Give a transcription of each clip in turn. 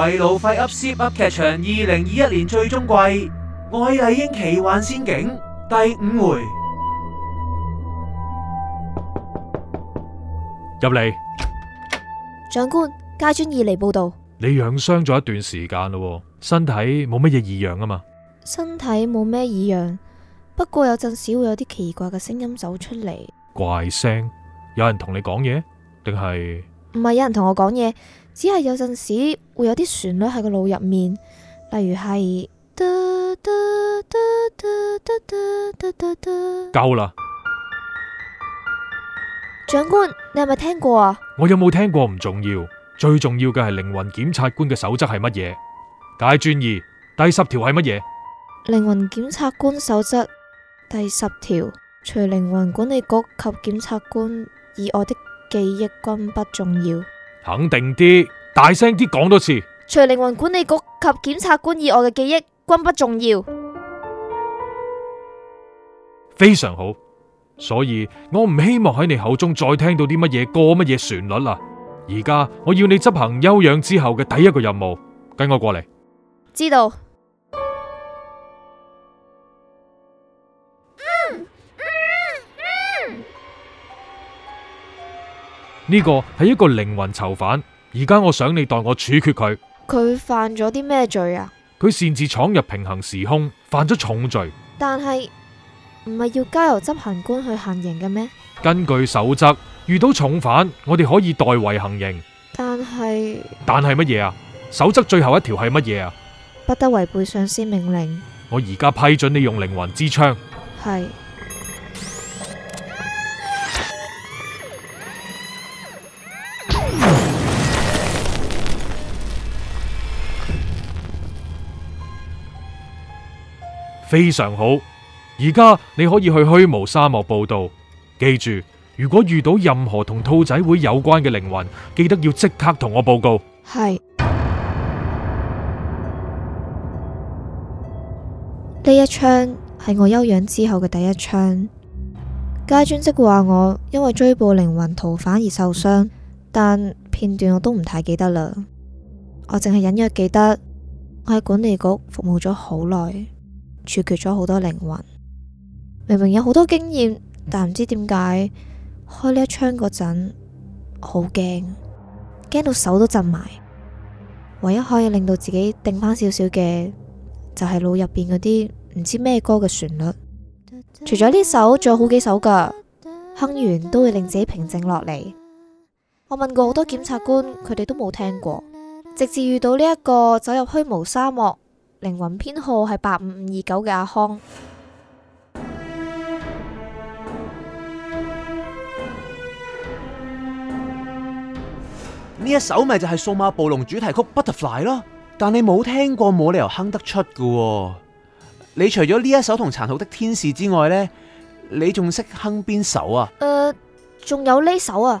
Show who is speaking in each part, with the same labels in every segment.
Speaker 1: 維路費 Zip 噏劇場二零二一年最終季《愛麗英奇幻仙境》第五回
Speaker 2: 入嚟，
Speaker 3: 來長官，街專二嚟報道。
Speaker 2: 你養傷咗一段時間啦，身體冇乜嘢異樣啊嘛？
Speaker 3: 身體冇咩異樣，不過有陣時會有啲奇怪嘅聲音走出嚟。
Speaker 2: 怪聲？有人同你講嘢定係？
Speaker 3: 唔係，有人同我講嘢。只係有陣時會有啲旋律喺個腦入面，例如係得得得得得得得。夠啦，長官，你係咪聽過啊？
Speaker 2: 我有冇聽過唔重要，最重要嘅係靈魂檢察官嘅守則係乜嘢？第專二第十條係乜嘢？
Speaker 3: 靈魂檢察官守則第十條，除靈魂管理局及檢察官以外的記憶均不重要。
Speaker 2: 肯定啲，大聲啲講多次。
Speaker 3: 除靈魂管理局及檢察官以外嘅記憶均不重要。
Speaker 2: 非常好，所以我唔希望喺你口中再聽到啲乜嘢歌乜嘢旋律啦，啊。而家我要你執行休養之後嘅第一個任務，跟我過嚟。
Speaker 3: 知道。
Speaker 2: 呢個係一個靈魂囚犯，而家我想你代我處決佢。
Speaker 3: 佢犯咗啲咩罪啊？
Speaker 2: 佢擅自闖入平行時空，犯咗重罪。
Speaker 3: 但係唔係要交由執行官去行刑嘅咩？
Speaker 2: 根據守則，遇到重犯，我哋可以代為行刑。
Speaker 3: 但係是，
Speaker 2: 但係乜嘢啊？守則最後一條係乜嘢啊？
Speaker 3: 不得違背上司命令。
Speaker 2: 我而家批准你用靈魂之槍。係。非常好，而家你可以去虛無沙漠報道。記住，如果遇到任何同兔仔會有關嘅靈魂，記得要即刻同我報告。
Speaker 3: 係呢是一槍係我休養之後嘅第一槍。家專即話我因為追捕靈魂逃犯而受傷，但片段我都唔太記得啦。我淨係隱約記得我喺管理局服務咗好耐。處決咗好多靈魂，明明有好多經驗，但唔知點解，開呢一槍嗰陣，好驚，驚到手都震埋。唯一可以令到自己定返少少嘅，就係腦入邊嗰啲唔知咩歌嘅旋律。除咗呢首，仲有好幾首噶，哼完都會令自己平靜落嚟。我問過好多檢察官，佢哋都冇聽過，直至遇到呢一個走入虛無沙漠。靈魂編號係八五五二九嘅
Speaker 1: 阿匡，呢一首咪就係數碼暴龍主題曲 Butterfly 咯。但你冇聽過，冇理由哼得出噶。你除咗呢一首同殘酷的天使之外呢，你仲識哼邊首啊？誒、呃，
Speaker 3: 仲有呢首啊！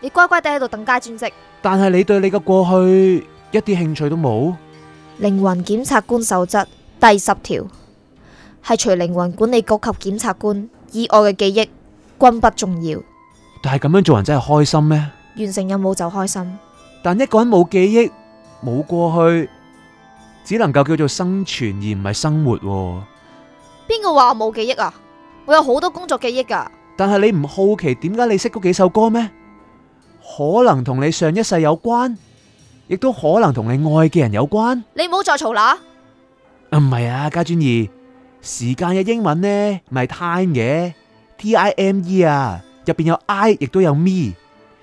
Speaker 3: 你乖乖地喺度等加轉職，
Speaker 1: 但係你對你嘅過去一啲興趣都冇。
Speaker 3: 靈魂檢察官守則第十條係，除靈魂管理局及檢察官以外嘅記憶均不重要。
Speaker 1: 但係咁樣做人真係開心咩？
Speaker 3: 完成任務就開心。
Speaker 1: 但一個人冇記憶冇過去，只能夠叫做生存而唔係生活。
Speaker 3: 邊個話我冇記憶啊？我有好多工作記憶㗎。
Speaker 1: 但係你唔好奇點解你識嗰幾首歌咩？可能同你上一世有關，亦都可能同你愛嘅人有關。
Speaker 3: 你唔好再嘈啦。
Speaker 1: 唔係啊，啊，家俊二，時間嘅英文呢咪 time 嘅 T-I-M-E 啊，入邊有 I，亦都有 me。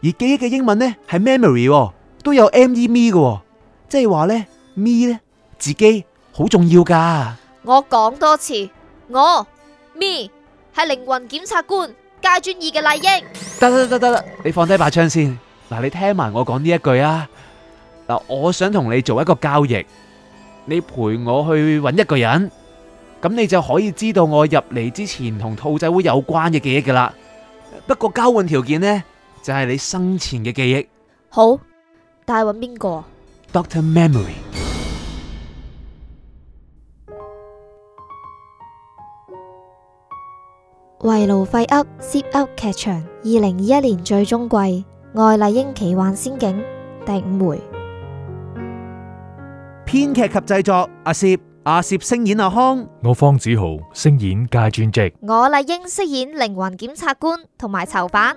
Speaker 1: 而記憶嘅英文呢係 memory，哦、都有 M-E-M me 嘅、哦，即係話呢 me 呢自己好重要噶
Speaker 3: 我講多次，我 me 係靈魂檢察官。加專二嘅麗英，
Speaker 1: 得得得得啦，你放低把槍先嗱，你聽埋我講呢一句啊嗱，我想同你做一個交易，你陪我去揾一個人，咁你就可以知道我入嚟之前同兔仔會有關嘅記憶㗎喇。不過交換條件呢，就係你生前嘅記憶。好，
Speaker 3: 但係揾邊個
Speaker 1: ？Doctor Memory。
Speaker 3: 圍爐廢屋，Zip 噏劇場，二零二一年最終季，愛麗英奇幻仙境第五回。
Speaker 1: 編劇及製作阿 Zip，阿 Zip 聲演阿匡，
Speaker 2: 我方子豪聲演佳專職，
Speaker 3: 我麗英飾演靈魂檢察官同埋囚犯。